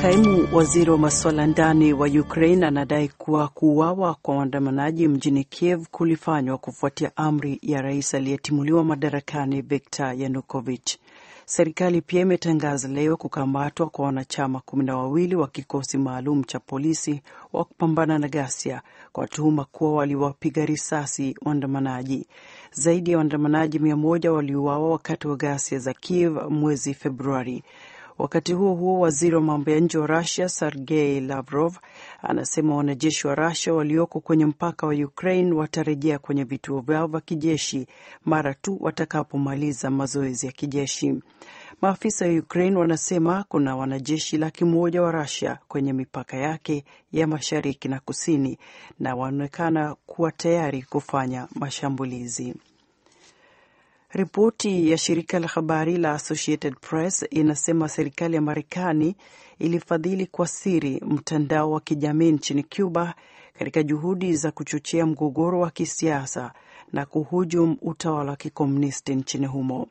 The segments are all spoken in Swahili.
Kaimu waziri wa masuala ndani wa Ukraine anadai kuwa kuuawa kwa waandamanaji mjini Kiev kulifanywa kufuatia amri ya rais aliyetimuliwa madarakani Viktor Yanukovych. Serikali pia imetangaza leo kukamatwa kwa wanachama kumi na wawili wa kikosi maalum cha polisi wa kupambana na ghasia kwa tuhuma kuwa waliwapiga risasi waandamanaji. Zaidi ya waandamanaji mia moja waliuawa wakati wa ghasia za Kiev mwezi Februari. Wakati huo huo, waziri wa mambo ya nje wa Rusia Sergei Lavrov anasema wanajeshi wa Rusia walioko kwenye mpaka wa Ukraine watarejea kwenye vituo vyao vya kijeshi mara tu watakapomaliza mazoezi ya kijeshi. Maafisa wa Ukraine wanasema kuna wanajeshi laki moja wa Rusia kwenye mipaka yake ya mashariki na kusini na wanaonekana kuwa tayari kufanya mashambulizi. Ripoti ya shirika la habari la Associated Press inasema serikali ya Marekani ilifadhili kwa siri mtandao wa kijamii nchini Cuba katika juhudi za kuchochea mgogoro wa kisiasa na kuhujum utawala wa kikomunisti nchini humo.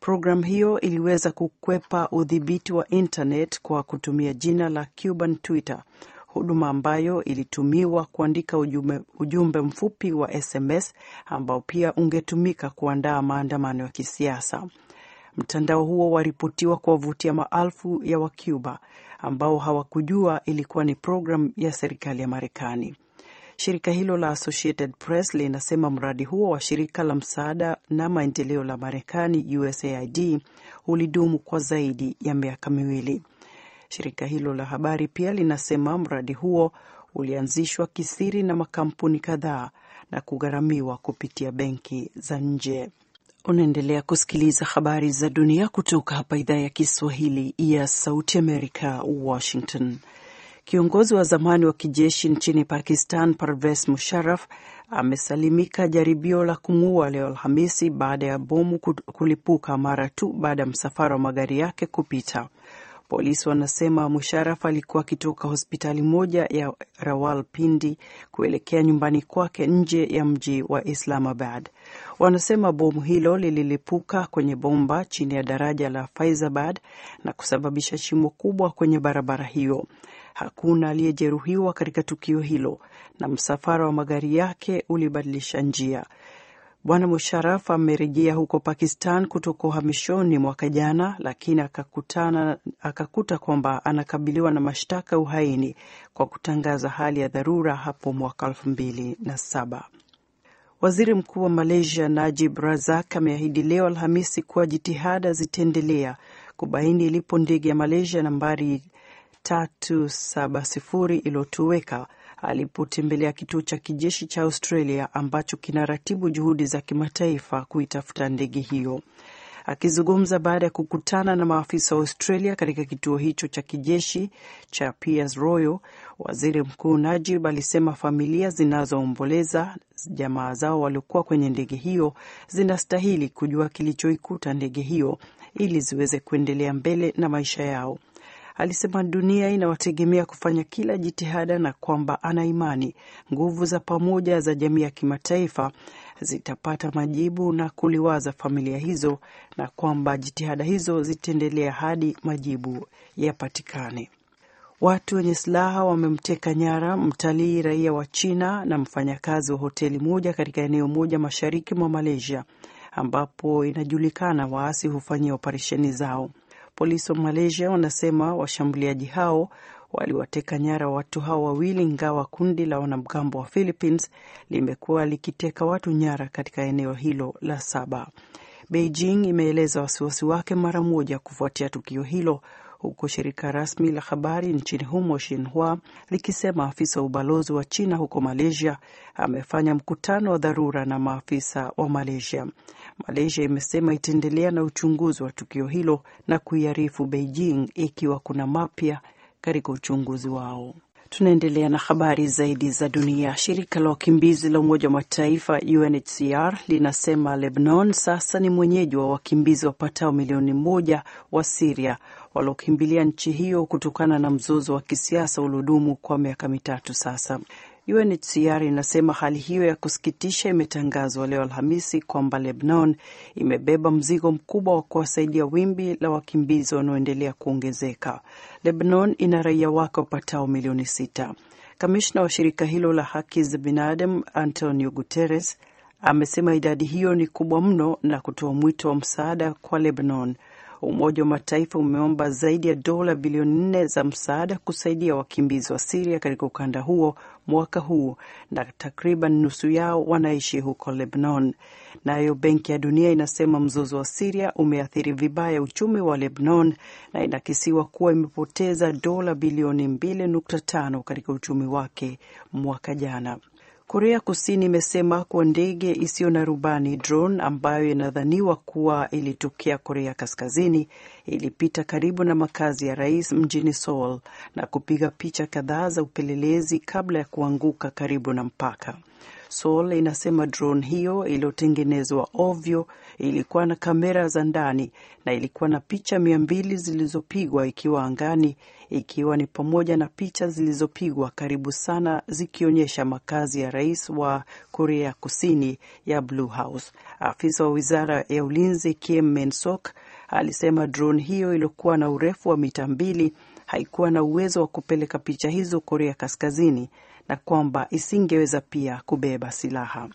Programu hiyo iliweza kukwepa udhibiti wa internet kwa kutumia jina la Cuban Twitter huduma ambayo ilitumiwa kuandika ujumbe, ujumbe mfupi wa SMS ambao pia ungetumika kuandaa maandamano ya kisiasa. Mtandao huo waripotiwa kuwavutia maelfu ya Wacuba ambao hawakujua ilikuwa ni programu ya serikali ya Marekani. Shirika hilo la Associated Press linasema mradi huo wa shirika la msaada na maendeleo la Marekani, USAID, ulidumu kwa zaidi ya miaka miwili. Shirika hilo la habari pia linasema mradi huo ulianzishwa kisiri na makampuni kadhaa na kugharamiwa kupitia benki za nje. Unaendelea kusikiliza habari za dunia kutoka hapa idhaa ya Kiswahili ya Sauti Amerika, Washington. Kiongozi wa zamani wa kijeshi nchini Pakistan, Parvez Musharraf, amesalimika jaribio la kumuua leo Alhamisi baada ya bomu kulipuka mara tu baada ya msafara wa magari yake kupita. Polisi wanasema Musharaf alikuwa akitoka hospitali moja ya Rawalpindi kuelekea nyumbani kwake nje ya mji wa Islamabad. Wanasema bomu hilo lililipuka kwenye bomba chini ya daraja la Faizabad na kusababisha shimo kubwa kwenye barabara hiyo. Hakuna aliyejeruhiwa katika tukio hilo na msafara wa magari yake ulibadilisha njia. Bwana Musharaf amerejea huko Pakistan kutoka uhamishoni mwaka jana, lakini akakutana akakuta kwamba anakabiliwa na mashtaka uhaini kwa kutangaza hali ya dharura hapo mwaka saba Waziri Mkuu wa Malaysia Najib Razak ameahidi leo Alhamisi kuwa jitihada zitaendelea kubaini ilipo ndege ya Malaysia nambari 370 iliyotoweka alipotembelea kituo cha kijeshi cha Australia ambacho kinaratibu juhudi za kimataifa kuitafuta ndege hiyo. Akizungumza baada ya kukutana na maafisa wa Australia katika kituo hicho cha kijeshi cha Piers Royal, waziri mkuu Najib alisema familia zinazoomboleza jamaa zao waliokuwa kwenye ndege hiyo zinastahili kujua kilichoikuta ndege hiyo ili ziweze kuendelea mbele na maisha yao alisema dunia inawategemea kufanya kila jitihada na kwamba ana imani nguvu za pamoja za jamii ya kimataifa zitapata majibu na kuliwaza familia hizo na kwamba jitihada hizo zitaendelea hadi majibu yapatikane. Watu wenye silaha wamemteka nyara mtalii raia wa China na mfanyakazi wa hoteli moja katika eneo moja mashariki mwa Malaysia ambapo inajulikana waasi hufanyia operesheni zao. Polisi wa Malaysia wanasema washambuliaji hao waliwateka nyara watu hao wawili, ingawa kundi la wanamgambo wa Philippines limekuwa likiteka watu nyara katika eneo hilo la saba. Beijing imeeleza wasiwasi wake mara moja kufuatia tukio hilo, huku shirika rasmi la habari nchini humo Shinhua likisema afisa wa ubalozi wa China huko Malaysia amefanya mkutano wa dharura na maafisa wa Malaysia. Malaysia imesema itaendelea na uchunguzi wa tukio hilo na kuiarifu Beijing ikiwa kuna mapya katika uchunguzi wao. Tunaendelea na habari zaidi za dunia. Shirika la wakimbizi la Umoja wa Mataifa UNHCR linasema Lebanon sasa ni mwenyeji wa wakimbizi wapatao milioni moja wa Siria waliokimbilia nchi hiyo kutokana na mzozo wa kisiasa uliodumu kwa miaka mitatu sasa. UNHCR inasema hali hiyo ya kusikitisha imetangazwa leo Alhamisi kwamba Lebanon imebeba mzigo mkubwa wa kuwasaidia wimbi la wakimbizi wanaoendelea kuongezeka. Lebanon ina raia wake wapatao milioni sita. Kamishna wa shirika hilo la haki za binadamu Antonio Guterres amesema idadi hiyo ni kubwa mno na kutoa mwito wa msaada kwa Lebanon Umoja wa Mataifa umeomba zaidi ya dola bilioni nne za msaada kusaidia wakimbizi wa Siria katika ukanda huo mwaka huu, na takriban nusu yao wanaishi huko Lebanon. Nayo Benki ya Dunia inasema mzozo wa Siria umeathiri vibaya uchumi wa Lebanon na inakisiwa kuwa imepoteza dola bilioni 2.5 katika uchumi wake mwaka jana. Korea Kusini imesema kuwa ndege isiyo na rubani drone ambayo inadhaniwa kuwa ilitokea Korea Kaskazini ilipita karibu na makazi ya rais mjini Seoul na kupiga picha kadhaa za upelelezi kabla ya kuanguka karibu na mpaka. Seoul inasema drone hiyo iliyotengenezwa ovyo ilikuwa na kamera za ndani na ilikuwa na picha mia mbili zilizopigwa ikiwa angani, ikiwa ni pamoja na picha zilizopigwa karibu sana zikionyesha makazi ya rais wa Korea Kusini ya Blue House. Afisa wa wizara ya ulinzi Kim Mensok alisema drone hiyo iliyokuwa na urefu wa mita mbili haikuwa na uwezo wa kupeleka picha hizo Korea Kaskazini, na kwamba isingeweza pia kubeba silaha.